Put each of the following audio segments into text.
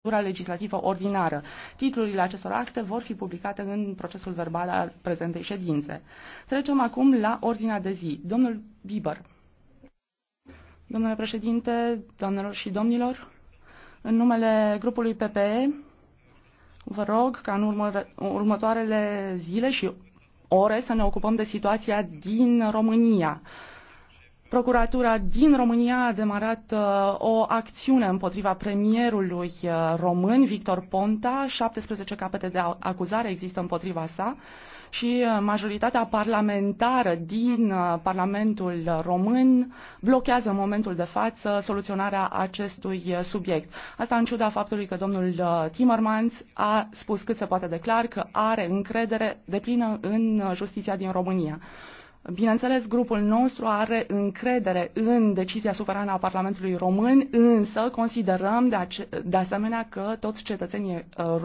procedura legislativă ordinară. Titlurile acestor acte vor fi publicate în procesul verbal al prezentei ședințe. Trecem acum la ordinea de zi. Domnul Biber. Domnule președinte, doamnelor și domnilor, în numele grupului PPE, vă rog ca în urmă, următoarele zile și ore să ne ocupăm de situația din România. Procuratura din România a demarat uh, o acțiune împotriva premierului uh, român, Victor Ponta. 17 capete de acuzare există împotriva sa și uh, majoritatea parlamentară din uh, Parlamentul român blochează în momentul de față soluționarea acestui uh, subiect. Asta în ciuda faptului că domnul uh, Timmermans a spus cât se poate declar că are încredere deplină în uh, justiția din România. Bineînțeles, grupul nostru are încredere în decizia suverană a Parlamentului Român, însă considerăm de, ace- de asemenea că toți cetățenii uh,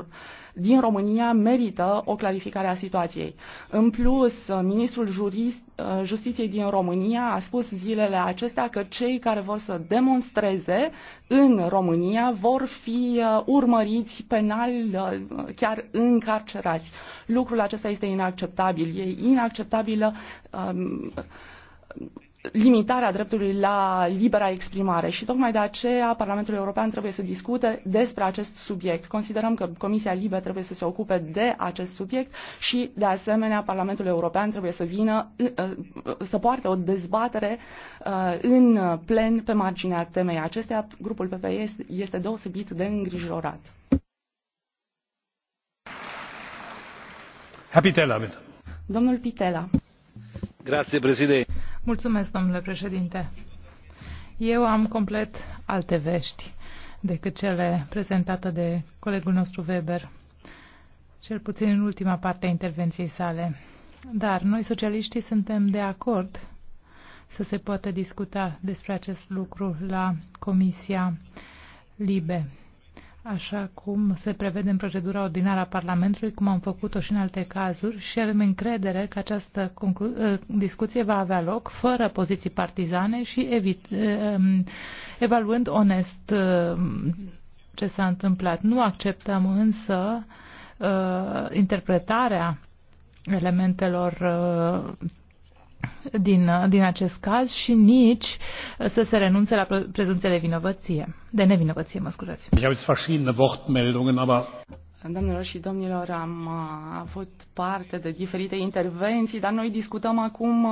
din România merită o clarificare a situației. În plus, ministrul jurist, uh, justiției din România a spus zilele acestea că cei care vor să demonstreze în România vor fi uh, urmăriți penal, uh, chiar încarcerați. Lucrul acesta este inacceptabil. E inacceptabilă um, limitarea dreptului la libera exprimare și tocmai de aceea Parlamentul European trebuie să discute despre acest subiect. Considerăm că Comisia Libe trebuie să se ocupe de acest subiect și de asemenea Parlamentul European trebuie să vină uh, să poarte o dezbatere uh, în plen pe marginea temei acesteia. Grupul PPE este deosebit de îngrijorat. Pitella, Domnul Pitela. Grazie, președinte Mulțumesc, domnule președinte. Eu am complet alte vești decât cele prezentate de colegul nostru Weber, cel puțin în ultima parte a intervenției sale. Dar noi, socialiștii, suntem de acord să se poată discuta despre acest lucru la Comisia Libe așa cum se prevede în procedura ordinară a Parlamentului, cum am făcut-o și în alte cazuri, și avem încredere că această ă, discuție va avea loc fără poziții partizane și evit, ă, ă, evaluând onest ce s-a întâmplat. Nu acceptăm însă interpretarea elementelor din, din acest caz și nici să se renunțe la prezumția de vinovăție, de nevinovăție, mă scuzați. Doamnelor și domnilor, am uh, avut parte de diferite intervenții, dar noi discutăm acum uh,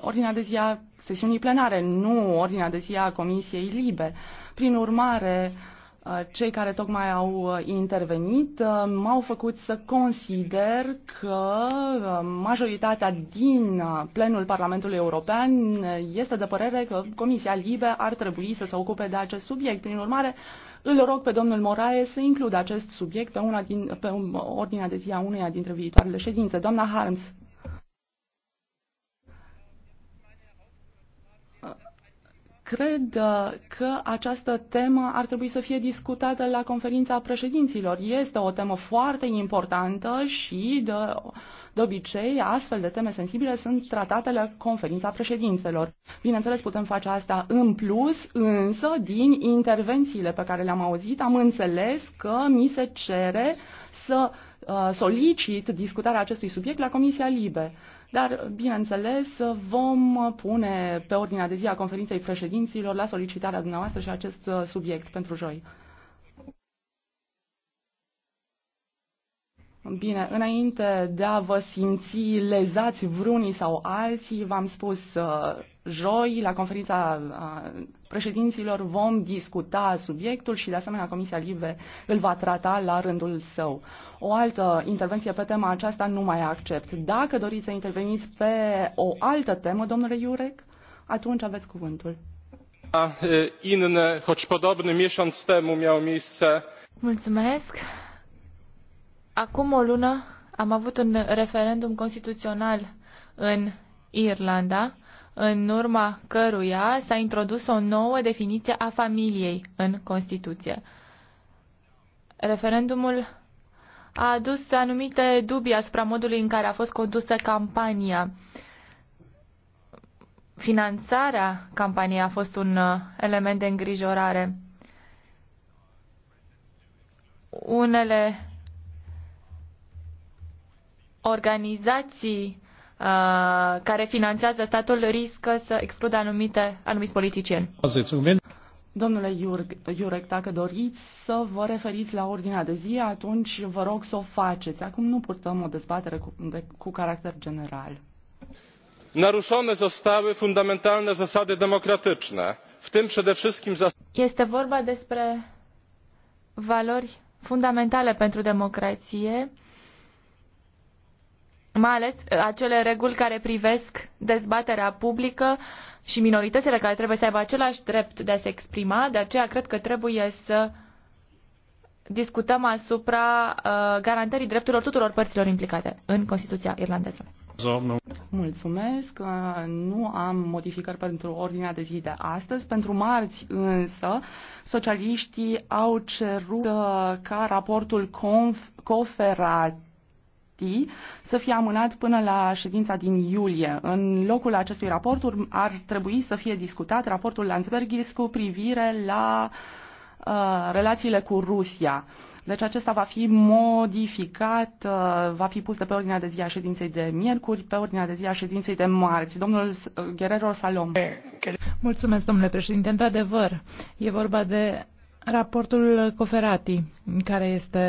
ordinea de zi a sesiunii plenare, nu ordinea de zi a Comisiei Libe. Prin urmare, Uh, cei care tocmai au uh, intervenit uh, m-au făcut să consider că majoritatea din plenul Parlamentului European este de părere că Comisia Libe ar trebui să se ocupe de acest subiect. Prin urmare, îl rog pe domnul Moraes să includă acest subiect pe, una din, pe um, ordinea de zi a uneia dintre viitoarele ședințe. Doamna Harms, cred uh, că această temă ar trebui să fie discutată la conferința președinților. Este o temă foarte importantă și, de, de obicei, astfel de teme sensibile sunt tratate la conferința președințelor. Bineînțeles, putem face asta în plus, însă, din intervențiile pe care le-am auzit, am înțeles că mi se cere să uh, solicit discutarea acestui subiect la Comisia Libe. Dar, bineînțeles, vom pune pe ordinea de zi a conferinței președinților la solicitarea dumneavoastră și acest uh, subiect pentru joi. Bine, înainte de a vă simți lezați vreunii sau alții, v-am spus uh, joi la conferința uh, președinților vom discuta subiectul și, de asemenea, Comisia Libe îl va trata la rândul său. O altă intervenție pe tema aceasta nu mai accept. Dacă doriți să interveniți pe o altă temă, domnule Iurec, atunci aveți cuvântul. inne, choć podobny miesiąc temu miał miejsce. Mulțumesc. Acum o lună am avut un referendum constituțional în Irlanda în urma căruia s-a introdus o nouă definiție a familiei în Constituție. Referendumul a adus anumite dubii asupra modului în care a fost condusă campania. Finanțarea campaniei a fost un uh, element de îngrijorare. Unele organizații Uh, care finanțează statul riscă să excludă anumite, anumiți politicieni. Domnule Iurec, dacă doriți să vă referiți la ordinea de zi, atunci vă rog să o faceți. Acum nu purtăm o dezbatere cu, de, cu caracter general. Naruszone zostały fundamentalne zasady demokratyczne, w tym przede wszystkim zas- Este vorba despre valori fundamentale pentru democrație, mai ales uh, acele reguli care privesc dezbaterea publică și minoritățile care trebuie să aibă același drept de a se exprima, de aceea cred că trebuie să discutăm asupra uh, garantării drepturilor tuturor părților implicate în Constituția irlandeză. Mulțumesc. Uh, nu am modificări pentru ordinea de zi de astăzi. Pentru marți însă, socialiștii au cerut uh, ca raportul conf- coferat TNT să fie amânat până la ședința din iulie. În locul acestui raport ar trebui să fie discutat raportul Landsbergis cu privire la uh, relațiile cu Rusia. Deci acesta va fi modificat, uh, va fi pus de pe ordinea de zi a ședinței de miercuri, pe ordinea de zi a ședinței de marți. Domnul uh, Guerrero Salom. Mulțumesc, domnule președinte. Într-adevăr, e vorba de raportul Coferati, care este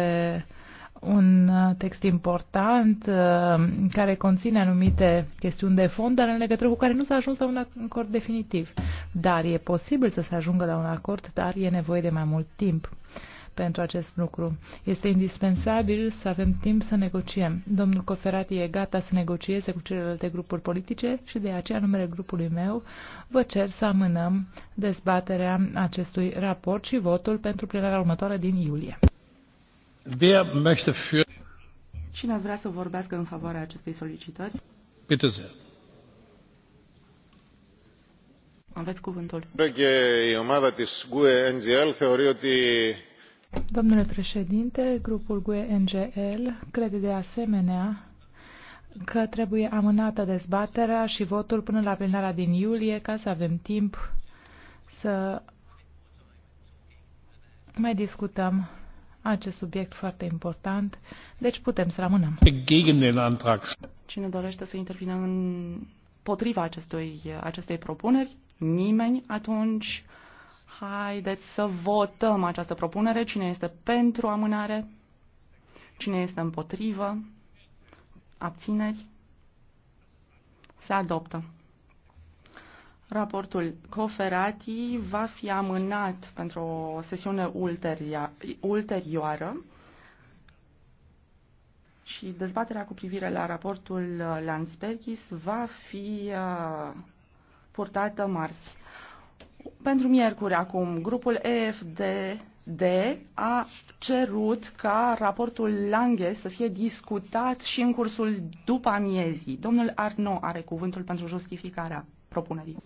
un uh, text important uh, care conține anumite chestiuni de fond, dar în legătură cu care nu s-a ajuns la un acord definitiv. Dar e posibil să se ajungă la un acord, dar e nevoie de mai mult timp pentru acest lucru. Este indispensabil să avem timp să negociem. Domnul Coferati e gata să negocieze cu celelalte grupuri politice și de aceea, numele grupului meu, vă cer să amânăm dezbaterea acestui raport și votul pentru plenarea următoare din iulie. Wer möchte für... Cine vrea să vorbească în favoarea acestei solicitări? Bitte sehr. Aveți cuvântul. Domnule președinte, grupul GUE-NGL crede de asemenea că trebuie amânată dezbaterea și votul până la plenara din iulie ca să avem timp să mai discutăm acest subiect foarte important, deci putem să rămânem. Cine dorește să intervină în potriva acestui, acestei propuneri? Nimeni? Atunci haideți să votăm această propunere. Cine este pentru amânare? Cine este împotrivă? Abțineri? Se adoptă. Raportul Coferati va fi amânat pentru o sesiune ulterioară și dezbaterea cu privire la raportul Landsbergis va fi uh, purtată marți. Pentru miercuri acum, grupul EFDD a cerut ca raportul Lange să fie discutat și în cursul după amiezii. Domnul Arno are cuvântul pentru justificarea propunerii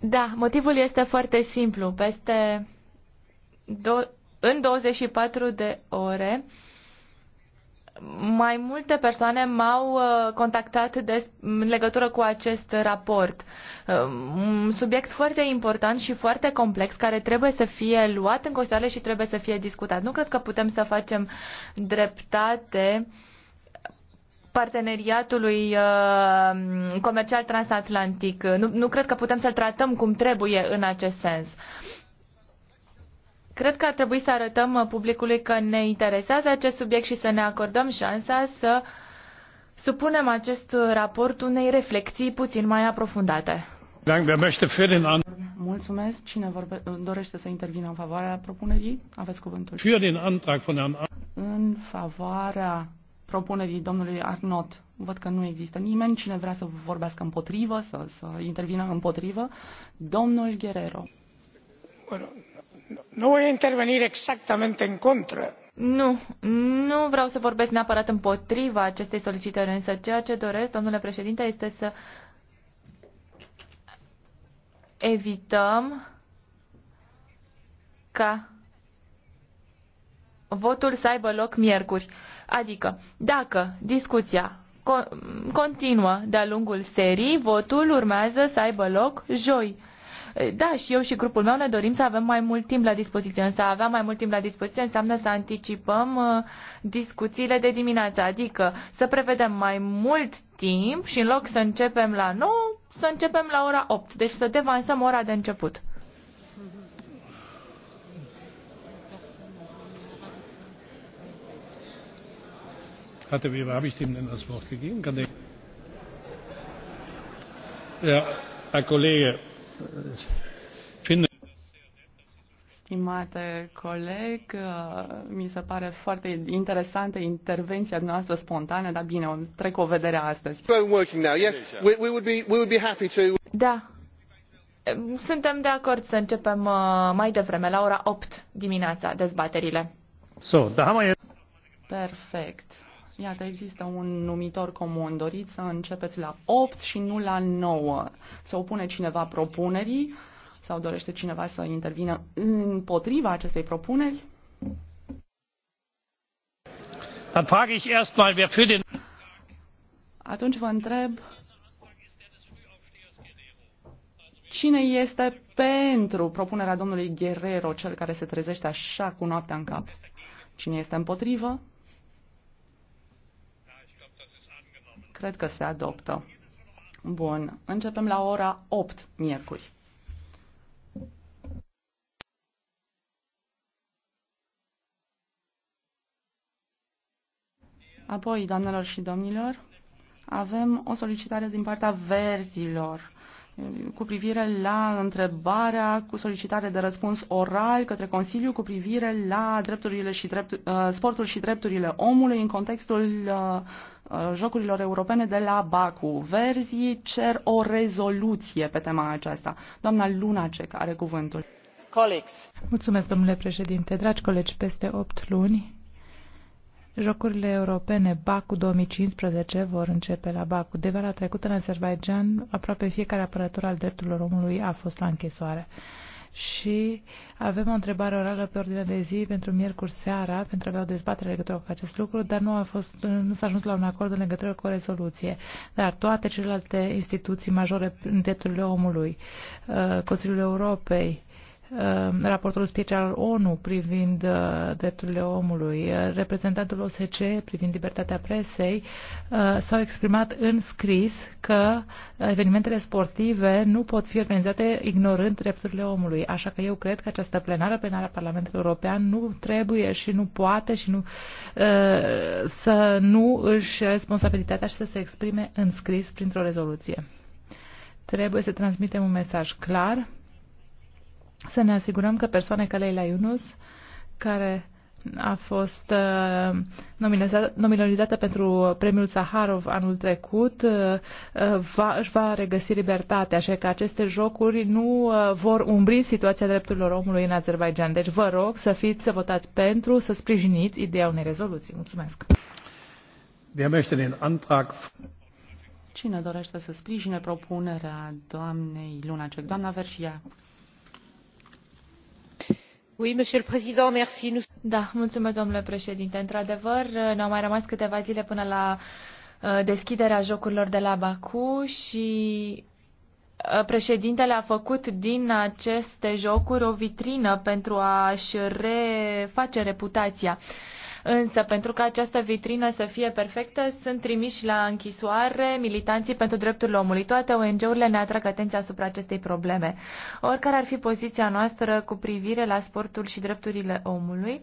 da motivul este foarte simplu peste în douăzeci și patru de ore mai multe persoane m-au uh, contactat de, în legătură cu acest raport. Uh, un subiect foarte important și foarte complex care trebuie să fie luat în considerare și trebuie să fie discutat. Nu cred că putem să facem dreptate uh, parteneriatului uh, comercial transatlantic. Nu, nu cred că putem să-l tratăm cum trebuie în acest sens. Cred că ar trebui să arătăm uh, publicului că ne interesează acest subiect și să ne acordăm șansa să supunem acest raport unei reflexii puțin mai aprofundate. Mulțumesc. Cine vorbe, dorește să intervină în favoarea propunerii? Aveți cuvântul. În favoarea propunerii domnului Arnot. Văd că nu există nimeni cine vrea să vorbească împotrivă, să, să intervină împotrivă. Domnul Guerrero. Bueno, nu voi interveni a în exactamente Nu, nu vreau să vorbesc neapărat împotriva acestei solicitări, însă ceea ce doresc, domnule președinte, este să evităm ca votul să aibă loc miercuri. Adică, dacă discuția continuă de-a lungul serii, votul urmează să aibă loc joi. Da, și eu și grupul meu ne dorim să avem mai mult timp la dispoziție, însă avea mai mult timp la dispoziție înseamnă să anticipăm uh, discuțiile de dimineață, adică să prevedem mai mult timp și în loc să începem la 9, să începem la ora 8, deci să devansăm ora de început. hatte, wem habe ich dem denn das Wort gegeben? Kann der, ja, Herr Kollege, ich finde. Stimate coleg, mi se pare foarte interesantă intervenția noastră spontană, dar bine, o trec o vedere astăzi. Da, suntem de acord să începem uh, mai devreme, la ora 8 dimineața, dezbaterile. So, da, mai Perfect. Iată, există un numitor comun. Doriți să începeți la 8 și nu la 9. Se opune cineva propunerii sau dorește cineva să intervină împotriva acestei propuneri? Dann frage ich wer für den Atunci vă întreb cine este pentru propunerea domnului Guerrero, cel care se trezește așa cu noaptea în cap. Cine este împotrivă? Cred că se adoptă. Bun. Începem la ora 8, miercuri. Apoi, doamnelor și domnilor, avem o solicitare din partea verzilor cu privire la întrebarea cu solicitare de răspuns oral către Consiliu cu privire la drepturile și drept, uh, sportul și drepturile omului în contextul uh, Uh, jocurilor Europene de la Baku. Verzii cer o rezoluție pe tema aceasta. Doamna Lunacek are cuvântul. Colegs. Mulțumesc, domnule președinte. Dragi colegi, peste 8 luni, Jocurile europene Baku 2015 vor începe la Baku. De vara trecută în Azerbaijan, aproape fiecare apărător al drepturilor omului a fost la închisoare și avem o întrebare orală pe ordinea de zi pentru miercuri seara, pentru a avea o dezbatere legătură cu acest lucru, dar nu, a fost, nu s-a ajuns la un acord în legătură cu o rezoluție. Dar toate celelalte instituții majore în drepturile omului, uh, Consiliul Europei, Uh, raportul special al ONU privind uh, drepturile omului, uh, reprezentantul OSCE privind libertatea presei, s-au exprimat în scris că evenimentele sportive nu pot fi organizate ignorând drepturile omului. Așa că eu cred că această plenară, plenară a Parlamentului European, nu trebuie și nu poate și nu să nu își responsabilitatea și să se exprime în scris printr-o rezoluție. Trebuie să transmitem un mesaj clar să ne asigurăm că persoane ca Leila Yunus, care a fost uh, nominalizată pentru premiul Saharov anul trecut, uh, va, își va regăsi libertatea așa că aceste jocuri nu uh, vor umbri situația drepturilor omului în Azerbaijan. Deci vă rog să fiți, să votați pentru, să sprijiniți ideea unei rezoluții. Mulțumesc! Cine dorește să sprijine propunerea doamnei Cec? Doamna Verșia. Da, domnule președinte. Într-adevăr, ne-au mai rămas câteva zile până la uh, deschiderea jocurilor de la Baku și uh, președintele a făcut din aceste jocuri o vitrină pentru a-și reface reputația. Însă, pentru ca această vitrină să fie perfectă, sunt trimiși la închisoare militanții pentru drepturile omului. Toate ONG-urile ne atrag atenția asupra acestei probleme. Oricare ar fi poziția noastră cu privire la sportul și drepturile omului,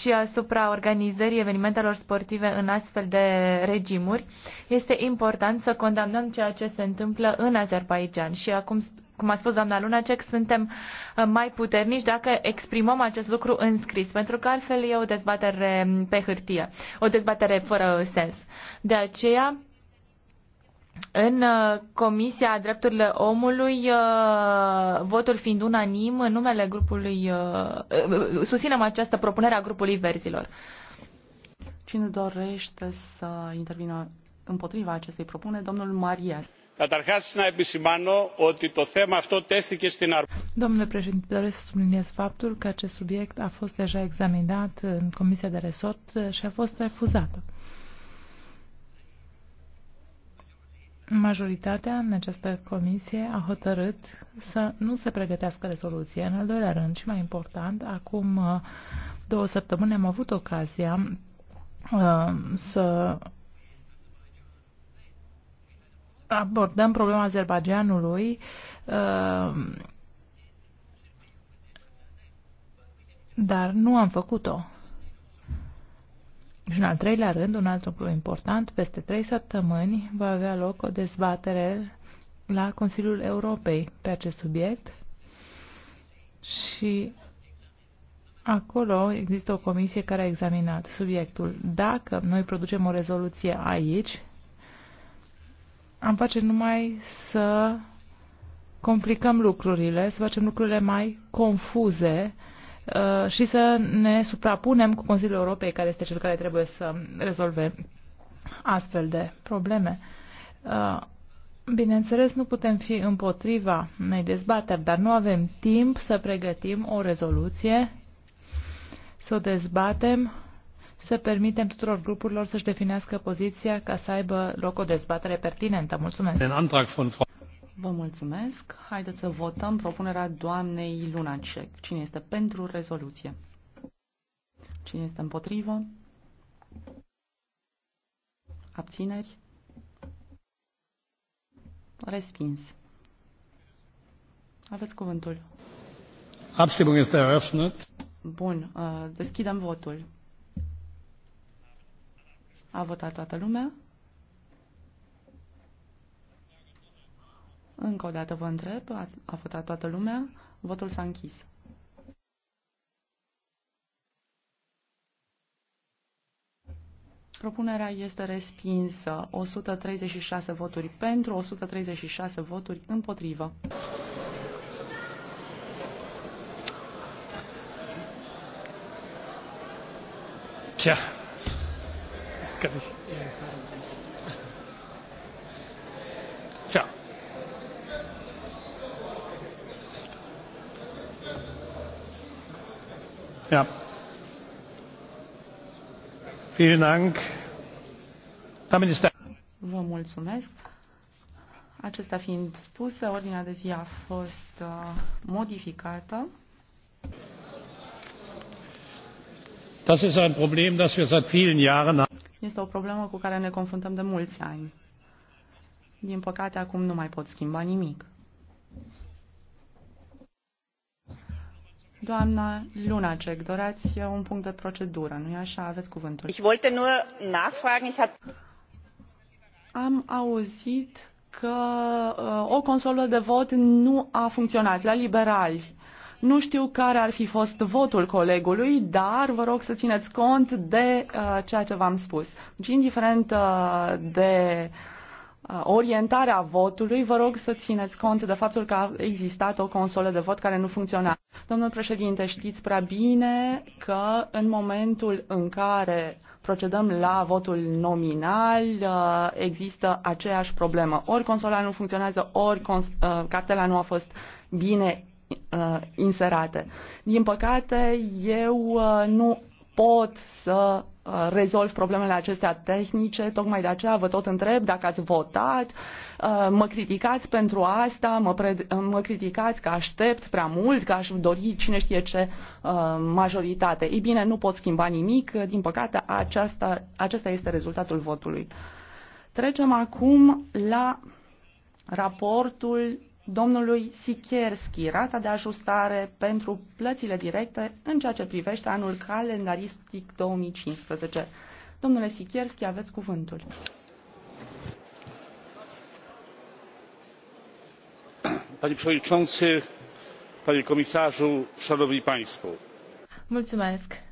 și asupra organizării evenimentelor sportive în astfel de regimuri, este important să condamnăm ceea ce se întâmplă în Azerbaijan. Și acum cum a spus doamna Lunacek, suntem uh, mai puternici dacă exprimăm acest lucru în scris, pentru că altfel e o dezbatere pe hârtie, o dezbatere fără sens. De aceea, în uh, Comisia Drepturile Omului, uh, votul fiind unanim, în numele grupului, susținem această propunere a grupului Verzilor. Cine dorește să intervină împotriva acestei propuneri, domnul Marias. Domnule președinte, doresc să subliniez faptul că acest subiect a fost deja examinat în Comisia de Resort și a fost refuzată. Majoritatea în această comisie a hotărât să nu se pregătească rezoluție. În al doilea rând și mai important, acum uh, două săptămâni am avut ocazia uh, să abordăm problema Azerbaidjanului, uh, dar nu am făcut-o. Și în al treilea rând, un alt lucru important, peste trei săptămâni va avea loc o dezbatere la Consiliul Europei pe acest subiect și acolo există o comisie care a examinat subiectul. Dacă noi producem o rezoluție aici, am face numai să complicăm lucrurile, să facem lucrurile mai confuze uh, și să ne suprapunem cu Consiliul Europei, care este cel care trebuie să rezolve astfel de probleme. Uh, bineînțeles, nu putem fi împotriva unei dezbateri, dar nu avem timp să pregătim o rezoluție, să o dezbatem să permitem tuturor grupurilor să-și definească poziția ca să aibă loc o dezbatere pertinentă. Mulțumesc! Vă mulțumesc. Haideți să votăm propunerea doamnei Lunacek. Cine este pentru rezoluție? Cine este împotrivă? Abțineri? Respins. Aveți cuvântul. Abstimul este eröffnet. Bun, uh, deschidem votul. A votat toată lumea? Încă o dată vă întreb, a, a votat toată lumea? Votul s-a închis. Propunerea este respinsă. 136 voturi pentru, 136 voturi împotrivă. Yeah. Kann Tja. Ja. Vielen Dank. Damit ist der Vă mulțumesc. Acesta fiind spusă, ordinea de zi a fost uh, modificată. Das ist ein Problem, das wir seit vielen Jahren haben este o problemă cu care ne confruntăm de mulți ani. Din păcate, acum nu mai pot schimba nimic. Doamna Lunacek, doreați un punct de procedură, nu-i așa? Aveți cuvântul. Ich wollte nur nachfragen, ich hab... Am auzit că uh, o consolă de vot nu a funcționat la liberali. Nu știu care ar fi fost votul colegului, dar vă rog să țineți cont de uh, ceea ce v-am spus. Deci, indiferent uh, de uh, orientarea votului, vă rog să țineți cont de faptul că a existat o consolă de vot care nu funcționa. Domnul președinte, știți prea bine că în momentul în care procedăm la votul nominal, uh, există aceeași problemă. Ori consola nu funcționează, ori cons- uh, cartela nu a fost bine Uh, inserate. Din păcate, eu uh, nu pot să uh, rezolv problemele acestea tehnice, tocmai de aceea vă tot întreb dacă ați votat, mă criticați pentru asta, mă, pre- mă criticați că aștept prea mult, că aș dori cine știe ce majoritate. Ei bine, nu pot schimba nimic, din păcate aceasta, acesta este rezultatul votului. Trecem acum la raportul domnului Sikierski rata de ajustare pentru plățile directe în ceea ce privește anul calendaristic 2015. Domnule Sikierski, aveți cuvântul. Panie Przewodniczący, Panie Komisarzu, Szanowni Państwo. Mulțumesc.